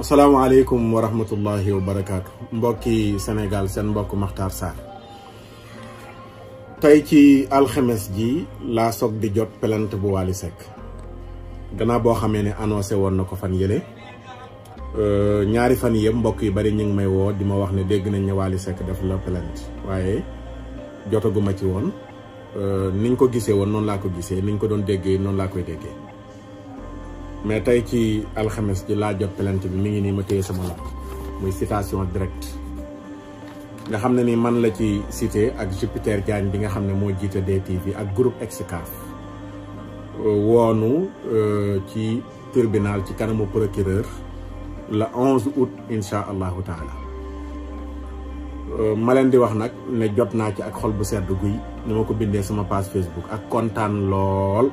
asalaamaaleykum wa rahmatullahi wa barakaatu mbokki senegal seen mbokk Makhtar Sarr tey ci alxemes ji laa soog di jot plainte bu Wally sekk gannaaw boo xamee ne annoncé woon na ko fan yële euh, ñaari fan yëpp mbokk yu bari ñu ngi may woo di ma wax ne dégg nañ ne Wally Seck def la plainte waaye jotaguma ci woon euh, niñ ko gisee woon noonu laa ko gisee niñ ko doon déggee noonu laa koy déggee mais tey ci alxames ji laa jot plainte bi mi ngi nii ma téye sama loxo muy citation direct nga xam ne ni man la ci cité ak Jupiter Diagne bi nga xam ne moo jiite DTV ak groupe Excaf woonu euh, ci tribunal ci kanamu procureur le 11 août incha allahu taala euh, ma leen di wax nag ne jot naa ci ak xol bu sedd guy nu ma ko bindee sama page Facebook ak kontaan lool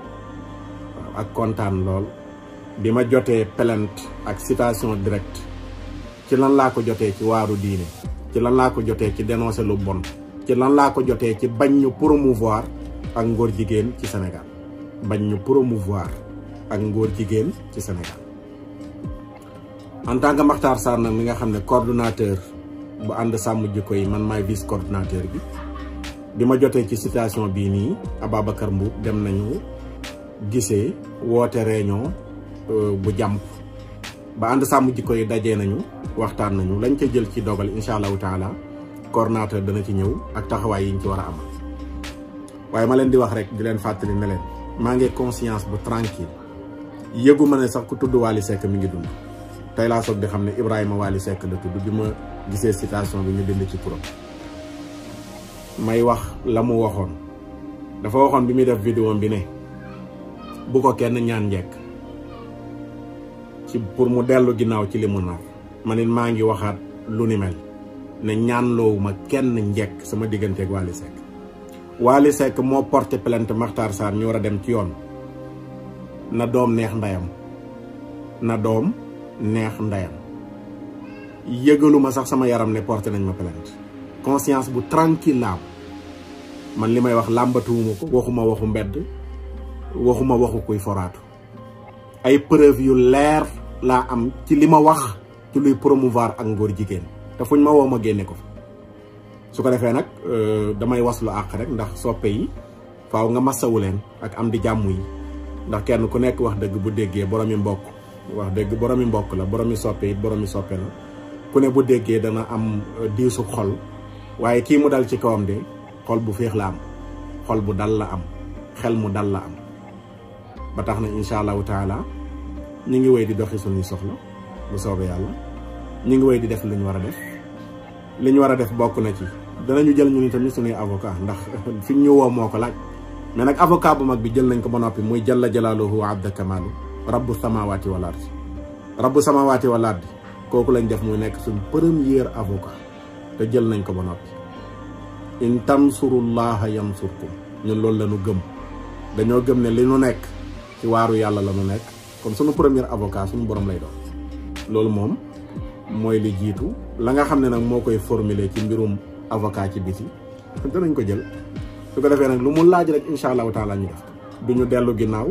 ak kontaan lool. bi ma jotee plainte ak citation direct ci lan laa ko jotee ci waaru diine ci lan laa ko jotee ci dénoncer lu bon ci lan laa ko jotee ci bañ ñu promouvoir ak ngóor jigéen ci senegal bañ ñu promouvoir ak ngóor jigéen ci Sénégal en tant que Makhtar Sarr nag mi nga xam ne coordonnateur bu ànd sàmm jikko yi man maay vice coordonnateur bi bi ma jotee ci citation bii nii Ababacar Mboup dem nañu gisee woote réunion Euh, bu jàmb ba ànd sàmm jikko yi daje nañu waxtaan nañu lañ ca jël ci dogal incha allahu taala coordonnateur dana ci ñëw ak taxawaay yi ñu ci war a am waaye ma leen di wax rek di leen fàttali ne leen maa ngi conscience bu tranquille yëgu ma ne sax ku tudd Wally Seck mi ngi dund tey laa soog di xam ne Ibrahima Wally Seck la tudd bi ma gisee citation bi ñu bind ci turam may wax la mu waxoon dafa waxoon bi muy def vidéo bi ne bu ko kenn ñaan njekk ci pour mu dellu ginnaaw ci li mu nar man maa ngi waxaat lu ni mel ne ñaanloowu ma kenn njekk sama diggante ak Wally Seck Wally moo porté plainte Makhtar Sarr ñu war a dem ci yoon na doom neex ndeyam na doom neex ndeyam yëgaluma sax sama yaram ne porté nañ ma plainte conscience bu tranquille laa man li may wax làmbatuwuma ko waxuma waxu mbedd waxuma waxu kuy foraatu ay preuve yu leer laa am ci li ma wax ci luy promouvoir ak ngóor jigéen te fuñ ma woo ma génne ko su ko defee nag euh, damay was lu àq rek ndax soppe yi faw nga massawu leen ak am di jàmm yi ndax kenn ku nekk wax dëgg bu déggee boromi mbokk wax dëgg boromi mbokk la boromi soppe it boromi soppe la ku ne bu déggee dana am euh, diisu xol waaye kii mu dal ci kawam de xol bu féex la am xol bu dal la am xel mu dal la am ba tax na incha allahu taala ñu ngi wéy di doxi suñuy soxla bu soobee yàlla ñu ngi wéy di def li war a def li ñu war a def bokk na ci ñu jël ñu ni tamit suñuy avocat ndax fi ñu woo moo ko laaj mais nag avocat bu mag bi jël nañ ko ba noppi muy jalla jalaaluhu wa abda kamaalu rabbu samawaati wal ardi rabbu samawaati wal ardi kooku lañ def muy nekk suñ premier avocat te jël nañ ko ba noppi in tansurullaha yansurkum ñun loolu la ñu gëm dañoo ne li ñu nekk ci waaru yàlla la nu nekk kon sunu premier avocat sunu borom lay doon loolu moom mooy li jiitu la nga xam ne nag moo koy formuler ci mbirum avocat ci biti danañ ko jël su ko defee nag lu mu laaj rek incha allahu taala ñu def du ñu dellu ginnaaw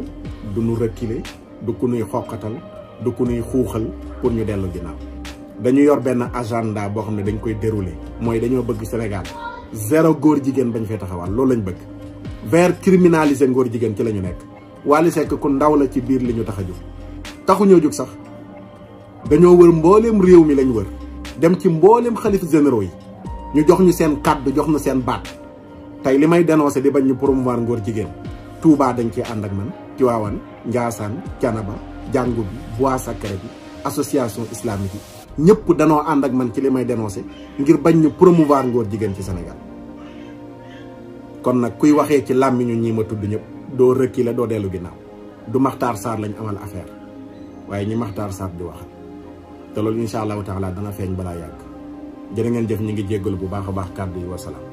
du ñu reculer du ku nuy xoqatal du ku nuy xuuxal pour ñu dellu ginnaaw dañu yor benn agenda boo xam ne dañ koy dérouler mooy dañoo bëgg Sénégal zéro góor jigéen bañ fee taxawaat loolu lañ bëgg vers criminaliser góor jigéen ci la ñu nekk Wally Seck ku ndaw la ci biir li ñu tax a jóg taxu ñoo jóg sax dañoo wër mbooleem réew mi lañu wër dem ci mbooleem xalif généraux yi ñu jox ñu seen kàddu jox ñu seen baat tey li may dénoncé di bañ ñu promouvoir ngóor jigéen Touba dañ cee ànd ak man Tiwaawan Njaasaan Canaba jàngu bi Voie Sacrée bi association islamique yi ñëpp danoo ànd ak man ci li may dénoncé ngir bañ ñu promouvoir ngóor jigéen ci senegal kon nag kuy waxee ci làmmiñu ñi ma tudd ñëpp doo la doo dellu ginnaaw du Maxtaar Sarr lañ amal affaire waaye ñi Maxtaar Sarr di wax te loolu incha allahu taala dana feeñ balaa yàgg jërë ngeen jëf ñu ngi jéggalu bu baax a baax kàddu yi wasalaam